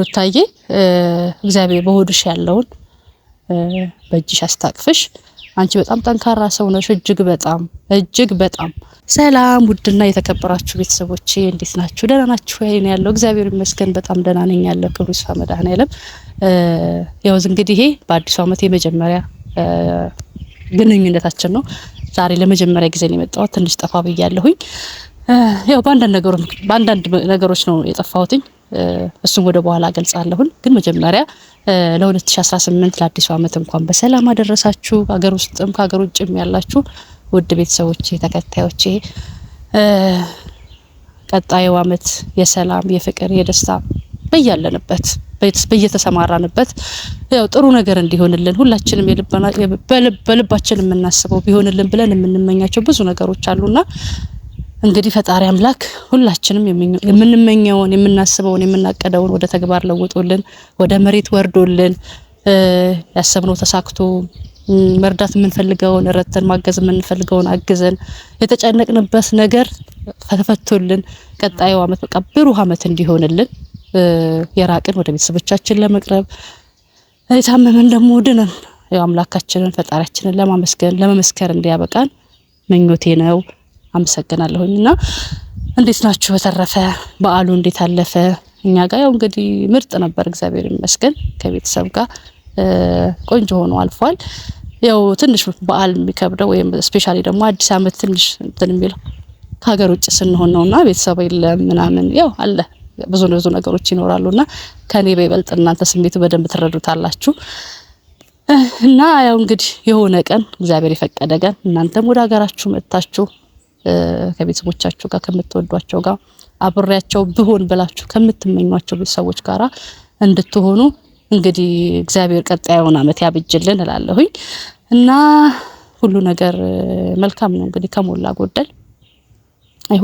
ሩታዬ እግዚአብሔር በሆድሽ ያለውን በእጅሽ አስታቅፍሽ። አንቺ በጣም ጠንካራ ሰው ነሽ። እጅግ በጣም እጅግ በጣም ሰላም። ውድና የተከበራችሁ ቤተሰቦቼ እንዴት ናችሁ? ደህና ናችሁ? ይሄን ያለው እግዚአብሔር ይመስገን በጣም ደህና ነኝ። ያለው ክብሩ ይስፋ መድኃኔዓለም። ያው እንግዲህ ይሄ በአዲሱ ዓመት የመጀመሪያ ግንኙነታችን ነው። ዛሬ ለመጀመሪያ ጊዜ ነው የመጣሁት። ትንሽ ጠፋ ብያለሁኝ። ያው በአንዳንድ ነገሮች ነው የጠፋሁትኝ እሱም ወደ በኋላ ገልጻለሁን። ግን መጀመሪያ ለ2018 ለአዲሱ ዓመት እንኳን በሰላም አደረሳችሁ። ሀገር ውስጥም ከሀገር ውጭም ያላችሁ ውድ ቤተሰቦቼ፣ ተከታዮቼ ቀጣዩ ዓመት የሰላም የፍቅር፣ የደስታ በያለንበት በየተሰማራንበት ያው ጥሩ ነገር እንዲሆንልን ሁላችንም በልባችን የምናስበው ቢሆንልን ብለን የምንመኛቸው ብዙ ነገሮች አሉና እንግዲህ ፈጣሪ አምላክ ሁላችንም የምንመኘውን የምናስበውን የምናቀደውን ወደ ተግባር ለውጦልን ወደ መሬት ወርዶልን ያሰብነው ተሳክቶ መርዳት የምንፈልገውን ረተን ማገዝ የምንፈልገውን አግዘን የተጨነቅንበት ነገር ተፈቶልን ቀጣዩ ዓመት በቃ ብሩህ አመት እንዲሆንልን የራቅን ወደ ቤተሰቦቻችን ለመቅረብ የታመመን ደግሞ ድነን አምላካችንን ፈጣሪያችንን ለማመስገን ለመመስከር እንዲያበቃን ምኞቴ ነው። አመሰግናለሁኝ። እና እንዴት ናችሁ? በተረፈ በዓሉ እንዴት አለፈ? እኛ ጋር ያው እንግዲህ ምርጥ ነበር፣ እግዚአብሔር ይመስገን ከቤተሰብ ጋር ቆንጆ ሆኖ አልፏል። ያው ትንሽ በዓል የሚከብደው ወይም ስፔሻሊ ደግሞ አዲስ ዓመት ትንሽ እንትን የሚለው ከሀገር ውጭ ስንሆን ነውና ቤተሰብ የለም ምናምን ያው አለ ብዙ ብዙ ነገሮች ይኖራሉና ከኔ በይበልጥ እናንተ ስሜቱ በደንብ ትረዱታላችሁ። እና ያው እንግዲህ የሆነ ቀን እግዚአብሔር የፈቀደ ቀን እናንተም ወደ ሀገራችሁ መጥታችሁ ከቤተሰቦቻችሁ ጋር ከምትወዷቸው ጋር አብሬያቸው ብሆን ብላችሁ ከምትመኟቸው ቤተሰቦች ጋር እንድትሆኑ እንግዲህ እግዚአብሔር ቀጣዩን አመት ያብጅልን እላለሁኝ እና ሁሉ ነገር መልካም ነው። እንግዲህ ከሞላ ጎደል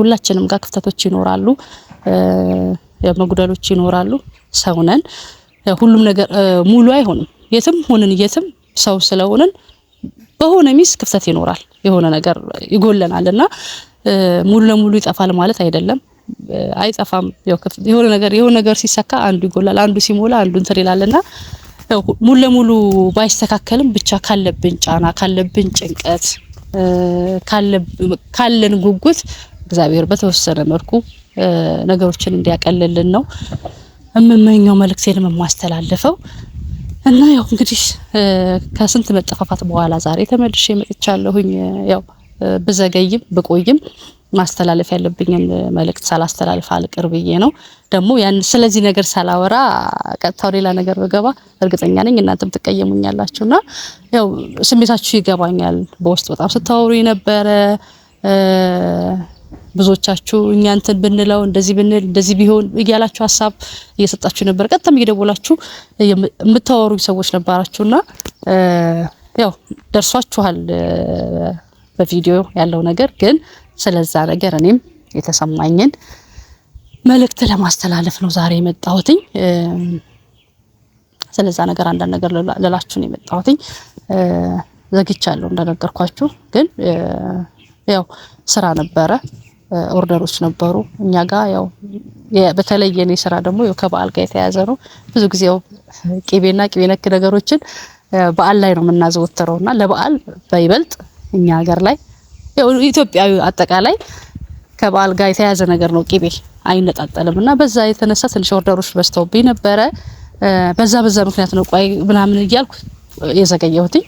ሁላችንም ጋር ክፍተቶች ይኖራሉ፣ መጉደሎች ይኖራሉ። ሰውነን ሁሉም ነገር ሙሉ አይሆንም። የትም ሆንን የትም ሰው ስለሆንን በሆነ ሚስ ክፍተት ይኖራል፣ የሆነ ነገር ይጎለናል እና ሙሉ ለሙሉ ይጠፋል ማለት አይደለም። አይጠፋም። የሆነ ነገር የሆነ ነገር ሲሰካ አንዱ ይጎላል፣ አንዱ ሲሞላ አንዱ እንትን ይላልና ሙሉ ለሙሉ ባይስተካከልም ብቻ ካለብን ጫና ካለብን ጭንቀት ካለን ጉጉት እግዚአብሔር በተወሰነ መልኩ ነገሮችን እንዲያቀልልን ነው እምመኘው መልእክቴን የማስተላልፈው። እና ያው እንግዲህ ከስንት መጠፋፋት በኋላ ዛሬ ተመልሼ መጥቻለሁኝ። ያው ብዘገይም ብቆይም ማስተላለፍ ያለብኝን መልእክት ሳላስተላልፍ አልቅር ብዬ ነው። ደግሞ ያን ስለዚህ ነገር ሳላወራ ቀጥታው ሌላ ነገር በገባ እርግጠኛ ነኝ እናንተም ትቀየሙኛላችሁና ያው ስሜታችሁ ይገባኛል። በውስጥ በጣም ስታወሩ የነበረ ብዙዎቻችሁ እኛ እንትን ብንለው እንደዚህ ብንል እንደዚህ ቢሆን እያላችሁ ሀሳብ እየሰጣችሁ ነበር። ቀጥታም እየደወላችሁ የምታወሩኝ ሰዎች ነበራችሁና ያው ደርሷችኋል በቪዲዮ ያለው ነገር። ግን ስለዛ ነገር እኔም የተሰማኝን መልእክት ለማስተላለፍ ነው ዛሬ የመጣሁትኝ። ስለዛ ነገር አንዳንድ ነገር ልላችሁ ነው የመጣሁትኝ። ዘግቻለሁ እንደነገርኳችሁ ግን ያው ስራ ነበረ። ኦርደሮች ነበሩ። እኛ ጋር ያው በተለይ የኔ ስራ ደግሞ ከበዓል ጋር የተያያዘ ነው። ብዙ ጊዜ ያው ቂቤና ቂቤ ነክ ነገሮችን በዓል ላይ ነው የምናዘወትረው እና ለበዓል በይበልጥ እኛ ሀገር ላይ ያው ኢትዮጵያዊ አጠቃላይ ከበዓል ጋር የተያያዘ ነገር ነው። ቂቤ አይነጣጠልም እና በዛ የተነሳ ትንሽ ኦርደሮች በዝተውብኝ ነበረ። በዛ በዛ ምክንያት ነው ቆይ ምናምን እያልኩ የዘገየሁትኝ።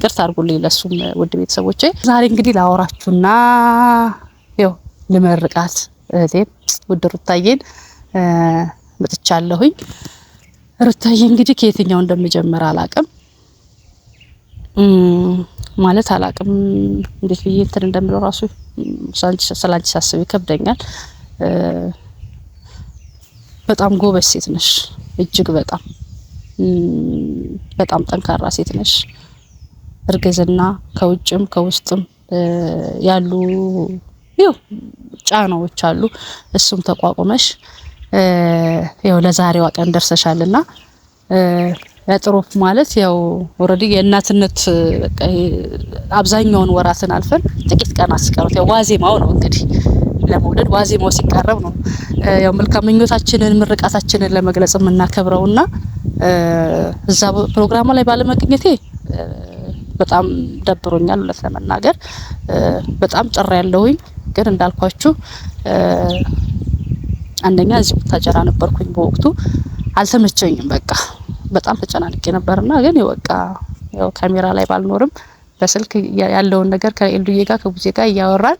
ይቅርታ አድርጉልኝ ለሱም ውድ ቤተሰቦች ዛሬ እንግዲህ ላወራችሁና ያው ልመርቃት እህቴን ውድ ሩታዬን መጥቻለሁኝ። ሩታዬ እንግዲህ ከየትኛው እንደምጀምር አላቅም ማለት አላቅም እንዴት ብዬ እንትን እንደምለው ራሱ ስላንቺ ሳስብ ይከብደኛል። በጣም ጎበዝ ሴት ነሽ፣ እጅግ በጣም በጣም ጠንካራ ሴት ነሽ። እርግዝና ከውጭም ከውስጥም ያሉ ይው ጫናዎች አሉ። እሱም ተቋቁመሽ ያው ለዛሬዋ ቀን ደርሰሻልና ያጥሮፍ ማለት ያው ኦልሬዲ የእናትነት አብዛኛውን ወራትን አልፈን ጥቂት ቀናት ሲቀሩት ያው ዋዜማው ነው እንግዲህ ለመውለድ ዋዜማው ሲቃረብ ነው ያው መልካም ምኞታችንን ምርቃታችንን ለመግለጽ የምናከብረውና እዛ ፕሮግራሙ ላይ ባለመገኘቴ በጣም ደብሮኛል እውነት ለመናገር በጣም ጥር ያለሁኝ ግን እንዳልኳችሁ አንደኛ እዚህ ቡታጀራ ነበርኩኝ በወቅቱ አልተመቸኝም። በቃ በጣም ተጨናንቄ ነበርና ግን በቃ ያው ካሜራ ላይ ባልኖርም በስልክ ያለውን ነገር ከኤልዱዬ ጋር ከቡዜ ጋር እያወራን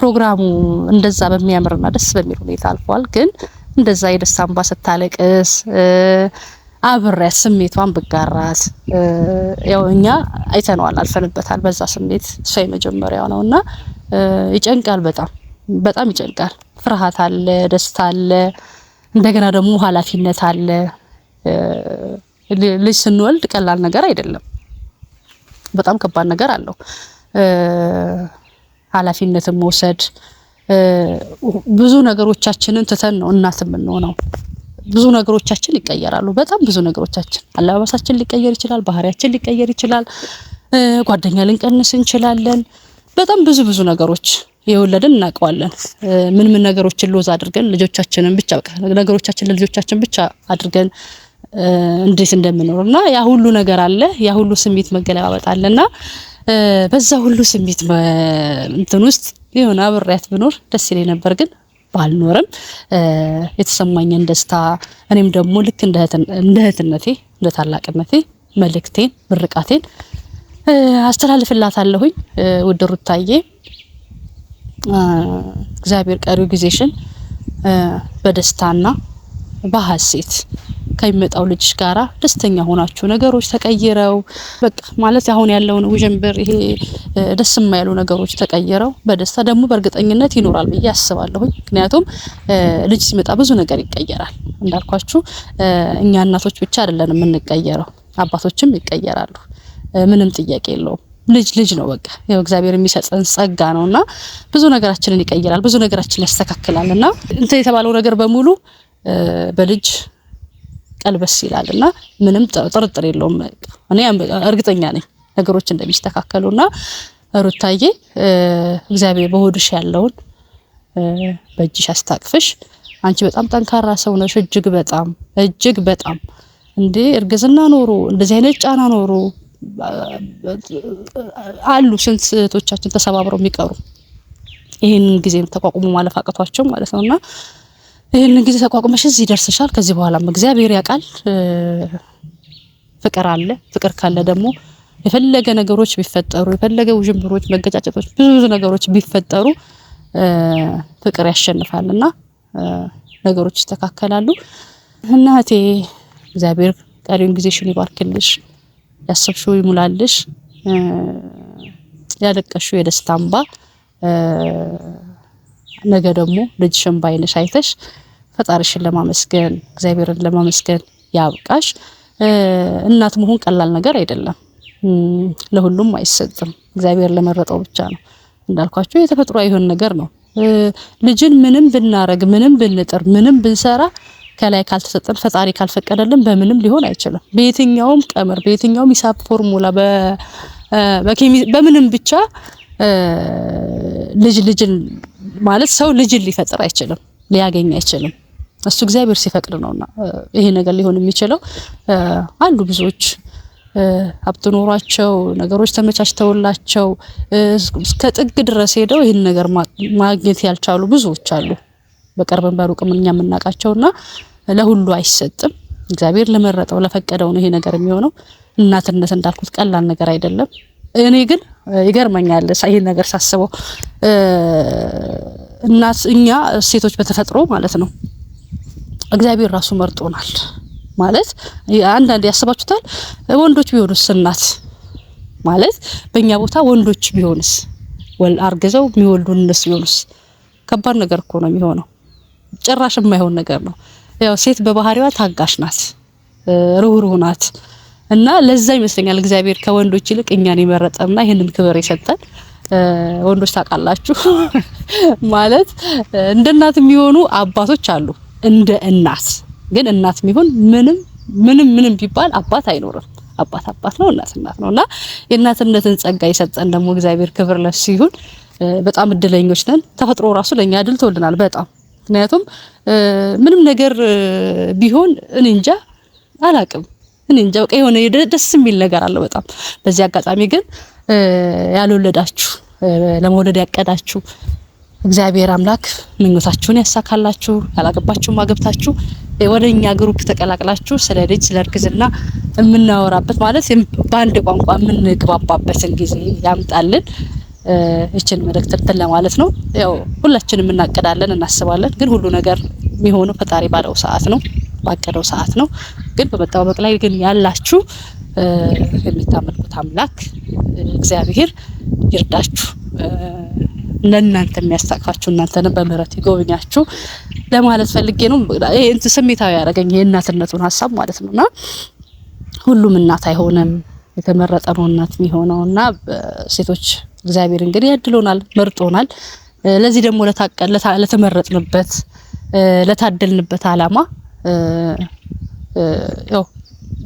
ፕሮግራሙ እንደዛ በሚያምርና ደስ በሚል ሁኔታ አልፏል። ግን እንደዛ የደስታ እንባ ስታለቅስ አብሬያት ስሜቷን ብጋራት ያው እኛ አይተነዋል፣ አልፈንበታል። በዛ ስሜት እሷ የመጀመሪያው ነው እና ይጨንቃል፣ በጣም በጣም ይጨንቃል። ፍርሃት አለ፣ ደስታ አለ፣ እንደገና ደግሞ ኃላፊነት አለ። ልጅ ስንወልድ ቀላል ነገር አይደለም፣ በጣም ከባድ ነገር አለው። ኃላፊነትን መውሰድ ብዙ ነገሮቻችንን ትተን ነው እናት የምንሆነው። ብዙ ነገሮቻችን ይቀየራሉ። በጣም ብዙ ነገሮቻችን አለባበሳችን ሊቀየር ይችላል። ባህሪያችን ሊቀየር ይችላል። ጓደኛ ልንቀንስ እንችላለን። በጣም ብዙ ብዙ ነገሮች የወለድን እናውቀዋለን። ምን ምን ነገሮችን ሎዝ አድርገን ልጆቻችንን ብቻ በቃ ነገሮቻችን ለልጆቻችን ብቻ አድርገን እንዴት እንደምኖር እና ያ ሁሉ ነገር አለ። ያ ሁሉ ስሜት መገለባበጥ አለና በዛ ሁሉ ስሜት እንትን ውስጥ የሆነ አብሬያት ብኖር ደስ ይለኝ ነበር ግን ባልኖርም የተሰማኝን ደስታ እኔም ደግሞ ልክ እንደ እህትነቴ እንደ ታላቅነቴ መልእክቴን ምርቃቴን አስተላልፍላታለሁኝ። ውድ ሩታዬ እግዚአብሔር ቀሪው ጊዜሽን በደስታና በሀሴት ከሚመጣው ልጅ ጋራ ደስተኛ ሆናችሁ ነገሮች ተቀይረው በቃ ማለት አሁን ያለውን ውዥንብር ይሄ ደስ የማይሉ ነገሮች ተቀይረው በደስታ ደግሞ በእርግጠኝነት ይኖራል ብዬ አስባለሁኝ። ምክንያቱም ልጅ ሲመጣ ብዙ ነገር ይቀየራል። እንዳልኳችሁ እኛ እናቶች ብቻ አይደለን የምንቀየረው፣ አባቶችም ይቀየራሉ። ምንም ጥያቄ የለውም። ልጅ ልጅ ነው። በቃ ያው እግዚአብሔር የሚሰጠን ጸጋ እና ብዙ ነገራችንን ይቀይራል፣ ብዙ ነገራችንን ያስተካክላል እና እንትን የተባለው ነገር በሙሉ በልጅ ቀልበስ ይላል እና ምንም ጥርጥር የለውም። እኔ እርግጠኛ ነኝ ነገሮች እና ሩታዬ እግዚአብሔር በሆድሽ ያለውን በእጅሽ አስታቅፍሽ። አንቺ በጣም ጠንካራ ሰው ነሽ። እጅግ በጣም እጅግ በጣም እንዴ እርግዝና ኖሮ እንደዚህ አይነት ጫና ኖሮ አሉ ስንት እህቶቻችን ተሰባብረው የሚቀሩ ይህን ጊዜ ተቋቁሞ ማለፍ አቅቷቸው ማለት ነውና ይህንን ጊዜ ተቋቁመሽ እዚህ ደርሰሻል። ከዚህ በኋላም እግዚአብሔር ያውቃል። ፍቅር አለ። ፍቅር ካለ ደግሞ የፈለገ ነገሮች ቢፈጠሩ የፈለገ ውዥንብሮች፣ መገጫጨቶች፣ ብዙ ብዙ ነገሮች ቢፈጠሩ ፍቅር ያሸንፋል እና ነገሮች ይስተካከላሉ። እናቴ እግዚአብሔር ቀሪውን ጊዜሽን ይባርክልሽ፣ ያሰብሽው ይሙላልሽ፣ ያለቀሽው የደስታ እንባ ነገ ደግሞ ልጅሽን ባይነሽ አይተሽ ፈጣሪሽን ለማመስገን እግዚአብሔርን ለማመስገን ያብቃሽ። እናት መሆን ቀላል ነገር አይደለም። ለሁሉም አይሰጥም። እግዚአብሔር ለመረጠው ብቻ ነው። እንዳልኳቸው የተፈጥሮ አይሆን ነገር ነው። ልጅን ምንም ብናረግ፣ ምንም ብንጥር፣ ምንም ብንሰራ ከላይ ካልተሰጠን ፈጣሪ ካልፈቀደልን በምንም ሊሆን አይችልም። በየትኛውም ቀመር፣ በየትኛውም ሂሳብ ፎርሙላ፣ በምንም ብቻ ልጅ ልጅን ማለት ሰው ልጅን ሊፈጥር አይችልም፣ ሊያገኝ አይችልም። እሱ እግዚአብሔር ሲፈቅድ ነውና ይሄ ነገር ሊሆን የሚችለው አንዱ ብዙዎች ሀብት ኖሯቸው ነገሮች ተመቻችተውላቸው እስከ ጥግ ድረስ ሄደው ይህን ነገር ማግኘት ያልቻሉ ብዙዎች አሉ። በቅርብም በሩቅም እኛ የምናውቃቸውና ለሁሉ አይሰጥም። እግዚአብሔር ለመረጠው ለፈቀደው ነው ይሄ ነገር የሚሆነው። እናትነት እንዳልኩት ቀላል ነገር አይደለም። እኔ ግን ይገርመኛል ይሄን ነገር ሳስበው እናት እኛ ሴቶች በተፈጥሮ ማለት ነው እግዚአብሔር ራሱ መርጦናል ማለት አንዳንድ ያስባችሁታል። ወንዶች ቢሆኑስ እናት ማለት በእኛ ቦታ ወንዶች ቢሆንስ ወል አርግዘው የሚወልዱ እነሱ ቢሆኑስ ከባድ ነገር እኮ ነው የሚሆነው። ጭራሽ የማይሆን ነገር ነው። ያው ሴት በባህሪዋ ታጋሽ ናት፣ ርህሩህ ናት። እና ለዛ ይመስለኛል እግዚአብሔር ከወንዶች ይልቅ እኛን የመረጠና ይህንን ክብር የሰጠን። ወንዶች ታውቃላችሁ ማለት እንደ እናት የሚሆኑ አባቶች አሉ። እንደ እናት ግን እናት የሚሆን ምንም ምንም ምንም ቢባል አባት አይኖርም። አባት አባት ነው፣ እናት እናት ነው። እና የእናትነትን ጸጋ የሰጠን ደግሞ እግዚአብሔር ክብር ለሱ ይሁን። በጣም እድለኞች ነን። ተፈጥሮ ራሱ ለኛ እድል ትወልናል በጣም ምክንያቱም ምንም ነገር ቢሆን እኔ እንጃ አላቅም እኔ እንጃ በቃ የሆነ ደስ የሚል ነገር አለው በጣም። በዚህ አጋጣሚ ግን ያልወለዳችሁ ለመውለድ ያቀዳችሁ እግዚአብሔር አምላክ ምኞታችሁን ያሳካላችሁ። ያላገባችሁ ማገብታችሁ ወደ እኛ ግሩፕ ተቀላቅላችሁ ስለ ልጅ ስለ እርግዝና የምናወራበት ማለት በአንድ ቋንቋ የምንግባባበትን ጊዜ ያምጣልን። ይችን መልእክት እንትን ለማለት ነው። ያው ሁላችንም እናቅዳለን፣ እናስባለን። ግን ሁሉ ነገር የሚሆነው ፈጣሪ ባለው ሰዓት ነው፣ ባቀደው ሰዓት ነው። ግን በመጠባበቅ ላይ ግን ያላችሁ የምታመልኩት አምላክ እግዚአብሔር ይርዳችሁ፣ ለእናንተ የሚያስታቅፋችሁ፣ እናንተን በምህረት ይጎብኛችሁ ለማለት ፈልጌ ነው። ስሜታዊ ያደረገኝ የእናትነቱን ሀሳብ ማለት ነው እና ሁሉም እናት አይሆንም የተመረጠ ነው እናት የሚሆነው እና ሴቶች እግዚአብሔር እንግዲህ ያድሎናል፣ መርጦናል። ለዚህ ደግሞ ለተመረጥንበት ለታደልንበት አላማ ያው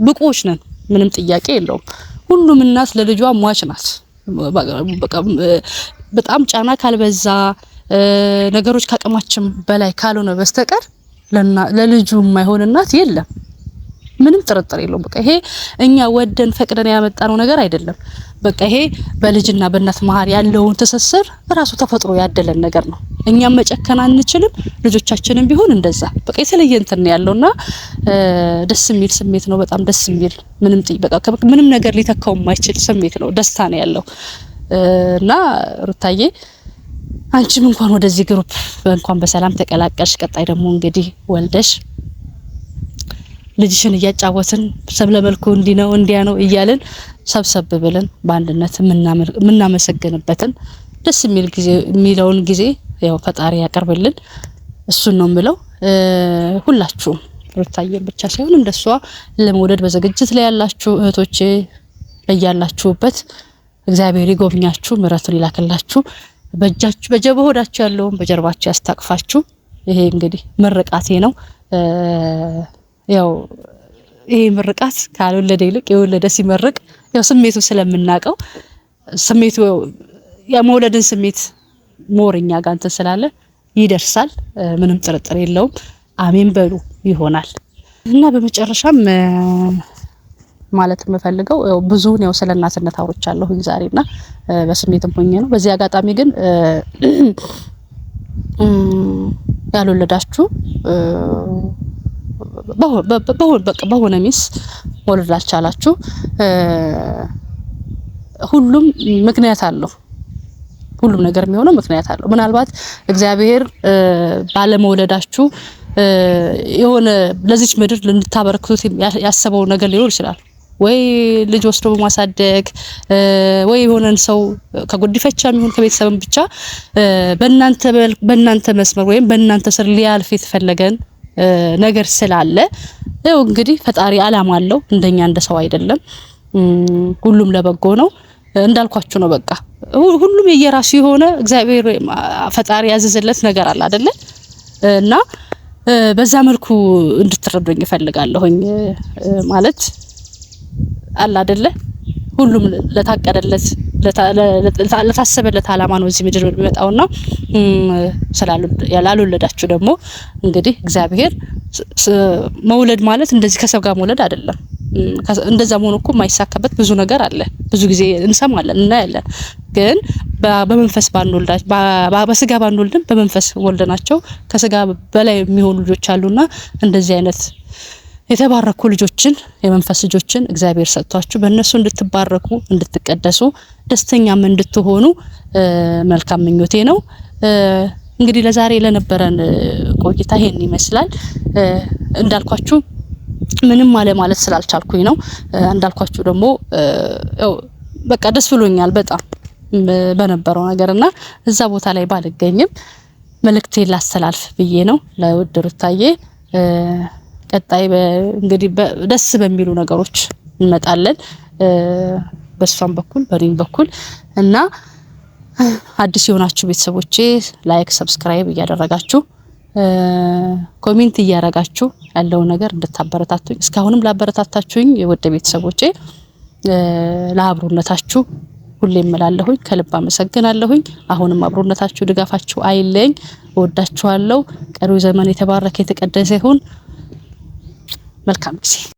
ብቁዎች ነን፣ ምንም ጥያቄ የለውም። ሁሉም እናት ለልጇ ሟች ናት። በጣም ጫና ካልበዛ ነገሮች ከአቅማችን በላይ ካልሆነ በስተቀር ለልጁ የማይሆን እናት የለም። ምንም ጥርጥር የለውም። በቃ ይሄ እኛ ወደን ፈቅደን ያመጣነው ነገር አይደለም። በቃ ይሄ በልጅና በእናት መሀል ያለውን ትስስር ራሱ ተፈጥሮ ያደለን ነገር ነው። እኛም መጨከን አንችልም። ልጆቻችንም ቢሆን እንደዛ በቃ የተለየ እንትን ያለውና ደስ የሚል ስሜት ነው። በጣም ደስ የሚል ምንም በቃ ምንም ነገር ሊተካው የማይችል ስሜት ነው። ደስታ ነው ያለው እና ሩታዬ አንቺም እንኳን ወደዚህ ግሩፕ እንኳን በሰላም ተቀላቀልሽ። ቀጣይ ደግሞ እንግዲህ ወልደሽ ልጅሽን እያጫወትን ሰብለ መልኩ እንዲህ ነው እንዲያ ነው እያልን ሰብሰብ ብለን በአንድነት የምናመሰግንበትን ደስ የሚል ጊዜ የሚለውን ጊዜ ያው ፈጣሪ ያቀርብልን። እሱን ነው የምለው። ሁላችሁም ሩታዬን ብቻ ሳይሆን እንደሷ ለመውደድ በዝግጅት ላይ ያላችሁ እህቶቼ በያላችሁበት እግዚአብሔር ይጎብኛችሁ፣ ምሕረቱን ይላክላችሁ፣ በእጃችሁ በጀበሆዳችሁ ያለውን በጀርባችሁ ያስታቅፋችሁ። ይሄ እንግዲህ ምርቃቴ ነው። ያው ይሄ ምርቃት ካልወለደ ይልቅ የወለደ ሲመርቅ ያው ስሜቱ ስለምናቀው ስሜቱ የመውለድን ስሜት ሞርኛ ጋር እንትን ስላለ ይደርሳል። ምንም ጥርጥር የለውም። አሜን በሉ ይሆናል እና በመጨረሻም ማለት የምፈልገው ብዙውን ያው ስለ እናትነት አውርቻለሁኝ ዛሬና በስሜትም ሆኜ ነው። በዚህ አጋጣሚ ግን ያልወለዳችሁ በሆነ ሚስ መውለድ ላልቻላችሁ ሁሉም ምክንያት አለው። ሁሉም ነገር የሚሆነው ምክንያት አለው። ምናልባት እግዚአብሔር ባለመውለዳችሁ የሆነ ለዚች ምድር ልንታበረክቱት ያሰበው ነገር ሊኖር ይችላል። ወይ ልጅ ወስዶ በማሳደግ ወይ የሆነን ሰው ከጉዲፈቻ የሚሆን ከቤተሰብን ብቻ በእናንተ መስመር ወይም በእናንተ ስር ሊያልፍ የተፈለገን ነገር ስላለ ያው እንግዲህ ፈጣሪ አላማ አለው። እንደኛ እንደ ሰው አይደለም። ሁሉም ለበጎ ነው እንዳልኳችሁ ነው። በቃ ሁሉም የየራሱ የሆነ እግዚአብሔር ፈጣሪ ያዘዘለት ነገር አለ አይደለ? እና በዛ መልኩ እንድትረዱኝ እፈልጋለሁኝ ማለት አለ አይደለ? ሁሉም ለታቀደለት ለታሰበለት ዓላማ ነው እዚህ ምድር የሚመጣውና ስላልወለዳችሁ ደግሞ እንግዲህ እግዚአብሔር መውለድ ማለት እንደዚህ ከሰው ጋር መውለድ አይደለም። እንደዛ መሆኑ እኮ የማይሳካበት ብዙ ነገር አለ። ብዙ ጊዜ እንሰማለን እናያለን። ግን በመንፈስ በስጋ ባንወልድም በመንፈስ ወልደናቸው ከስጋ በላይ የሚሆኑ ልጆች አሉና እንደዚህ አይነት የተባረኩ ልጆችን የመንፈስ ልጆችን እግዚአብሔር ሰጥቷችሁ በእነሱ እንድትባረኩ እንድትቀደሱ ደስተኛም እንድትሆኑ መልካም ምኞቴ ነው። እንግዲህ ለዛሬ ለነበረን ቆይታ ይሄን ይመስላል። እንዳልኳችሁ ምንም አለ ማለት ስላልቻልኩኝ ነው። እንዳልኳችሁ ደግሞ በቃ ደስ ብሎኛል በጣም በነበረው ነገር እና እዛ ቦታ ላይ ባልገኝም መልእክቴን ላስተላልፍ ብዬ ነው ለውድ ሩታዬ ቀጣይ እንግዲህ ደስ በሚሉ ነገሮች እንመጣለን። በእሷም በኩል በኔም በኩል እና አዲስ የሆናችሁ ቤተሰቦቼ ላይክ፣ ሰብስክራይብ እያደረጋችሁ ኮሜንት እያደረጋችሁ ያለውን ነገር እንድታበረታቱኝ እስካሁንም ላበረታታችሁኝ የወደ ቤተሰቦቼ ለአብሮነታችሁ ሁሌ እምላለሁኝ ከልብ አመሰግናለሁኝ። አሁንም አብሮነታችሁ ድጋፋችሁ አይለኝ። እወዳችኋለሁ። ቀሪው ዘመን የተባረከ የተቀደሰ ይሁን። መልካም ጊዜ